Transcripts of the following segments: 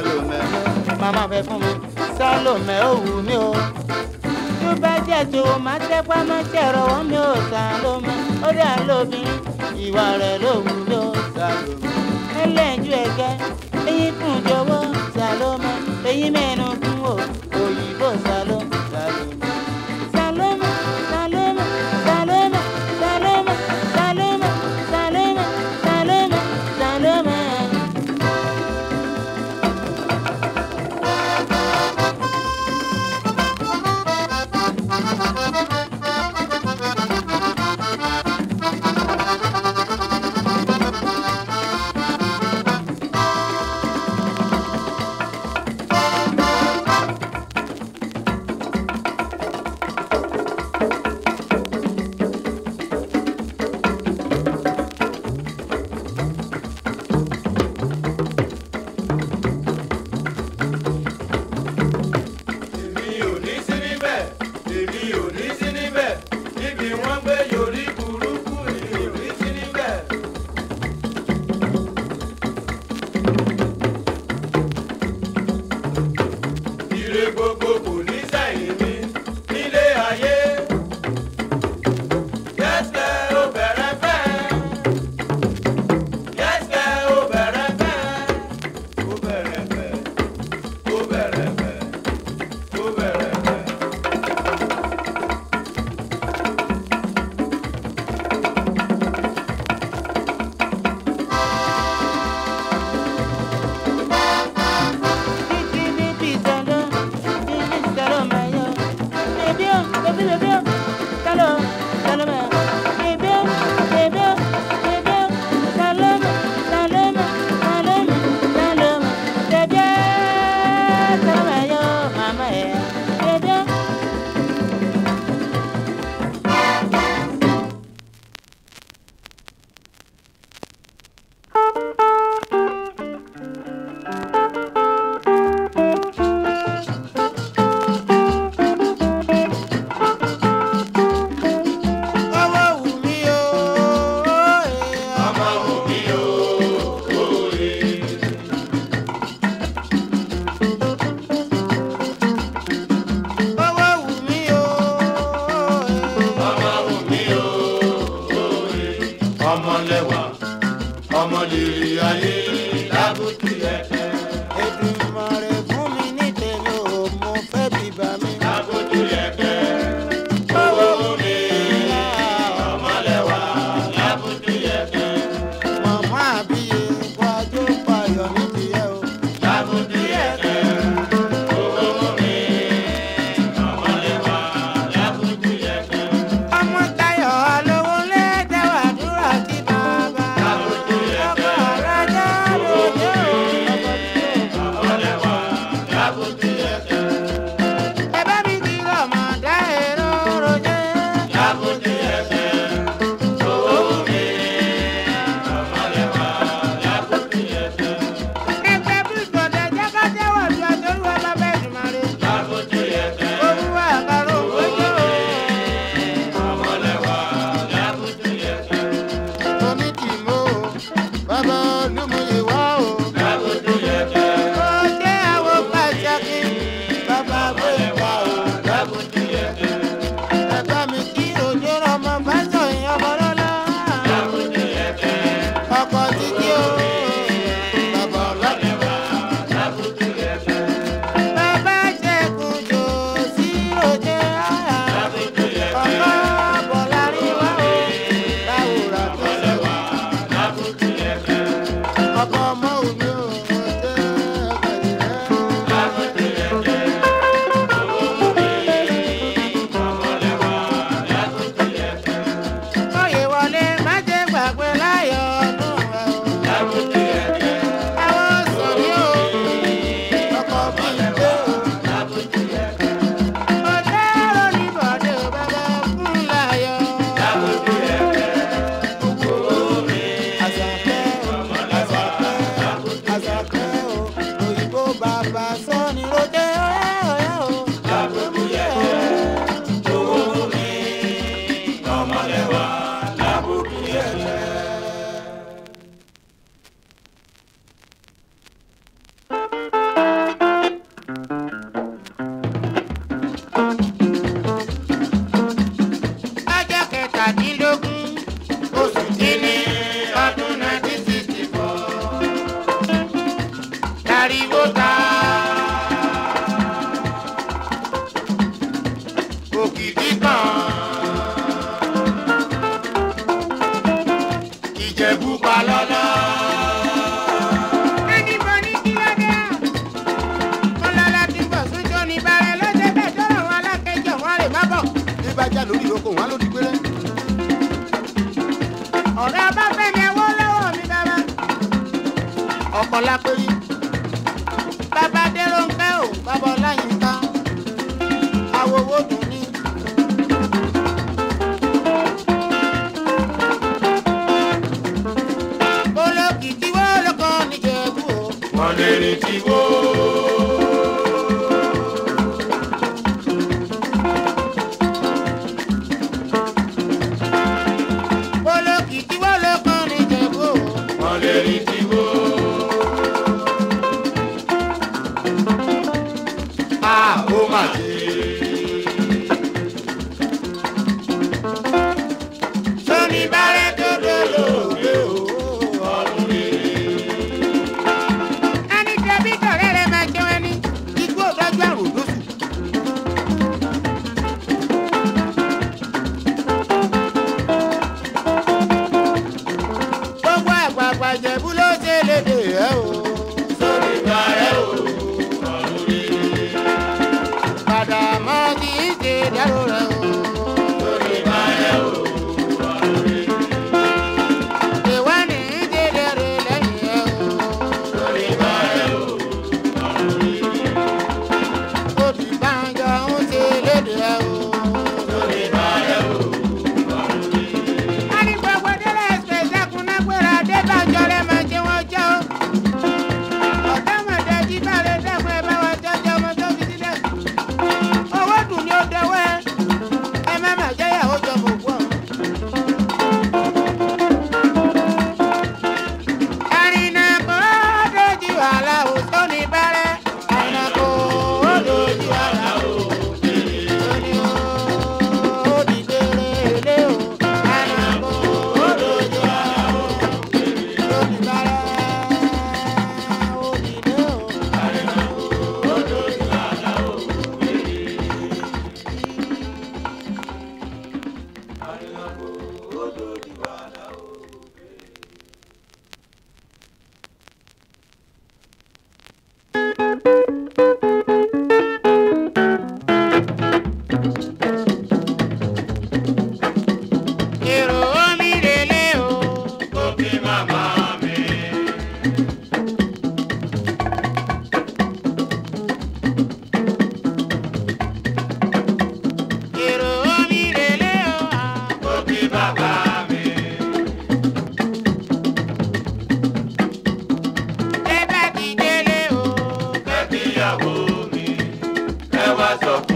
Salome mama fẹ́ fún mi Salome ó wù mí o tó bá jẹ́ ṣòwò má tẹ́pá má tẹ̀rọ wọ́n mi ò Salome ó dà lóbìnrin ìwà rẹ̀ ló wù mí o Salome ẹlẹ́yinjú ẹ̀gẹ́ eyín kùn jọ̀wọ́ Salome eyín mẹ́nu kún o. Positive ìyàwó mi ẹ wá sọ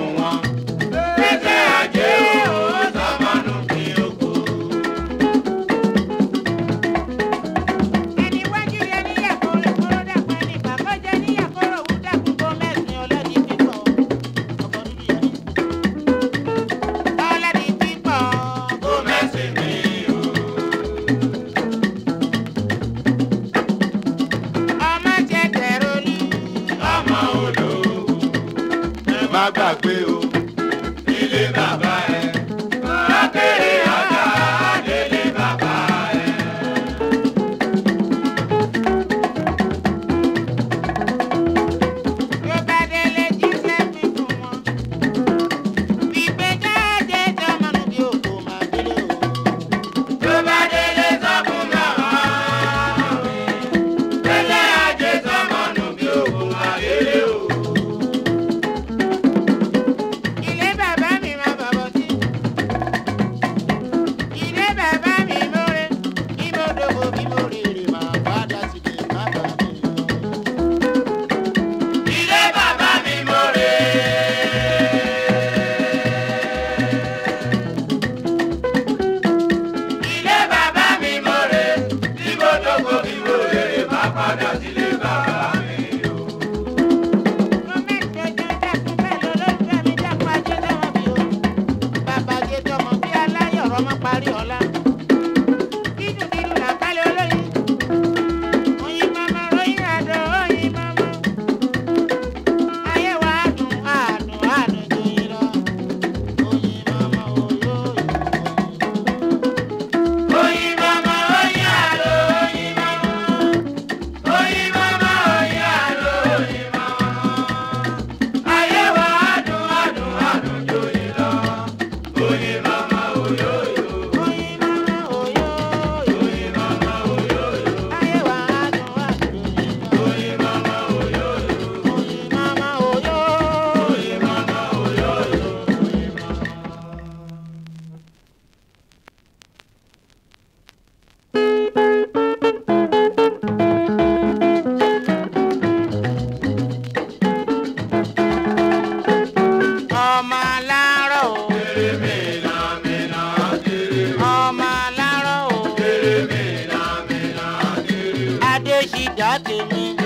ajé ní.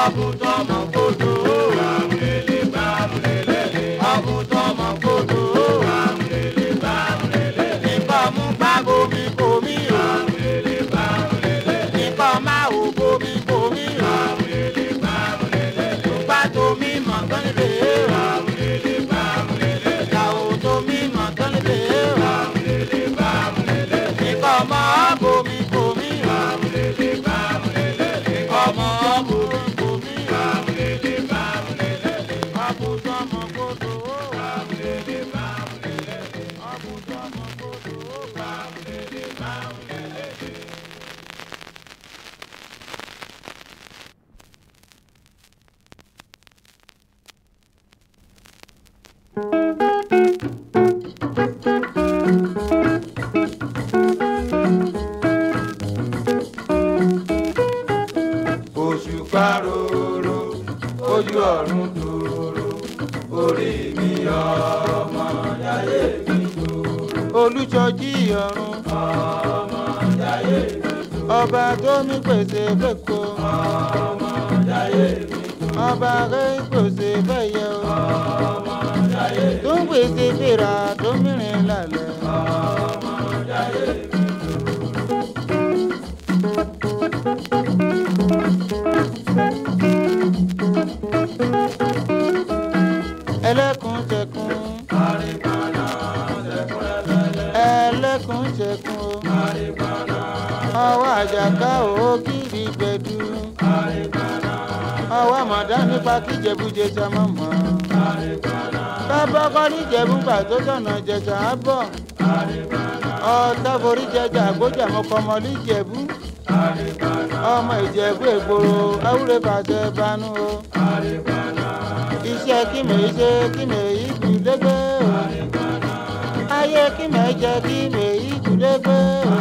Abu Dhabi. ìrà tó mìíràn lálẹ́. ọmọ jáde mi lò. ẹlẹ́kùn jẹkùn. àríkàlà jẹkùn lẹ́lẹ́lẹ́. ẹlẹ́kùn jẹkùn. àríkàlà. ọwọ́ àjàká ògiri gbẹdú. mọ́ tábàkọ́ níjẹ̀bùgbà tó sọ̀nà jẹ̀sà á bọ̀ ọ̀tá forí jẹjà àgbójà mọ́kọ́mọ́ níjẹ̀bù ọmọ ìjẹ̀bù ègboro awúrẹ́ bàtẹ banú o iṣẹ́ kí mèé ṣe kí mèé kù dégbé o ayé kí mèé jẹ kí mèé kù dégbé o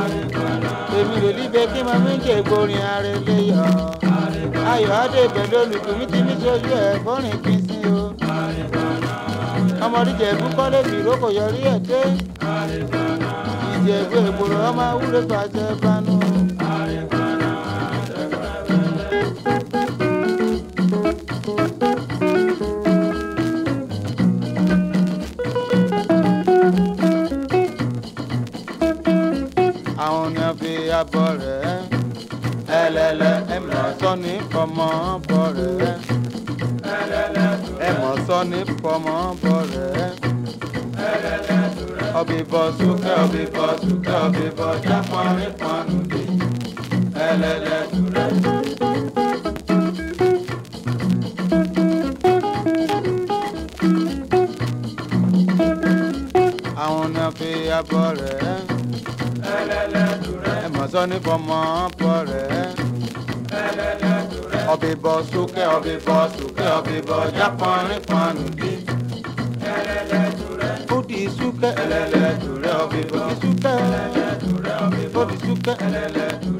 èmi lè líbe kí mo mí jẹ ìgbórin arẹlẹyọ ayọ̀ adébẹ̀ lónìí kùmí tí mi sojú ẹ̀ fọ́rin kìí ọmọdéjẹ ìbúkọ́lé mi ló kò yọrí ẹ̀ dé ìjẹ̀bú ègbòrò ọmọ awúrẹ́ tó àṣẹ panu. àwọn ni a fi abọ́ rẹ̀ ẹlẹ́lẹ́ ẹ̀mí ọ̀sán ní kọ́mọ́ bọ́ rẹ̀. ní fọmọ́ bọ̀ rẹ̀. ọbìbọ̀ súkẹ́ ọbìbọ̀ súkẹ́ ọbìbọ̀ jápọ̀ rí pọnú ẹlẹ́lẹ́ ture, àwọn náà fi ẹlẹ́lẹ́ ture, ẹ̀mọ̀sọ́ ní fọmọ́ ọbẹ̀ bọ̀ sókè ọbẹ̀ bọ̀ sókè ọbẹ̀ bọ̀ jápọ̀nrín pọ̀nù bí. ẹlẹ́lẹ́ tó rẹ̀. ó di súkẹ́. ẹlẹ́lẹ́ tó rẹ̀ ọbẹ̀ bọ̀. ó di súkẹ́. ẹlẹ́lẹ́ tó rẹ̀ ọbẹ̀ bọ̀. ó di súkẹ́. ẹlẹ́lẹ́ tó rẹ̀.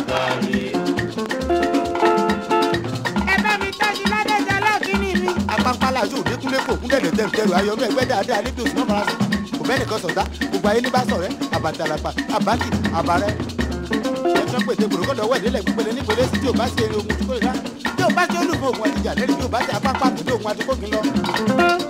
gàrí. ẹ bá mi tọ́jú ládẹ́jà lọ́ọ̀kìnì mi. apápálá yóò dé kúnlé kò kúndẹ̀lẹ̀ tẹ̀m̀tẹ̀rù ayọ̀mọ̀ ẹgbẹ́ dáadáa níbi òṣùwọ̀n fara sí. kò bẹ́ẹ̀ nìkan sọ̀tá gbogbo ayé ní bá sọ̀rẹ́ àbàtàlàpà àbákì àbárẹ́. ẹ tán pété gbòdògbòdò ọwọ́ ìdílé pípele nípele sí tí o bá ṣe eré ogun tó kó lè rá. tí o bá ṣe olùkó òun àtijọ́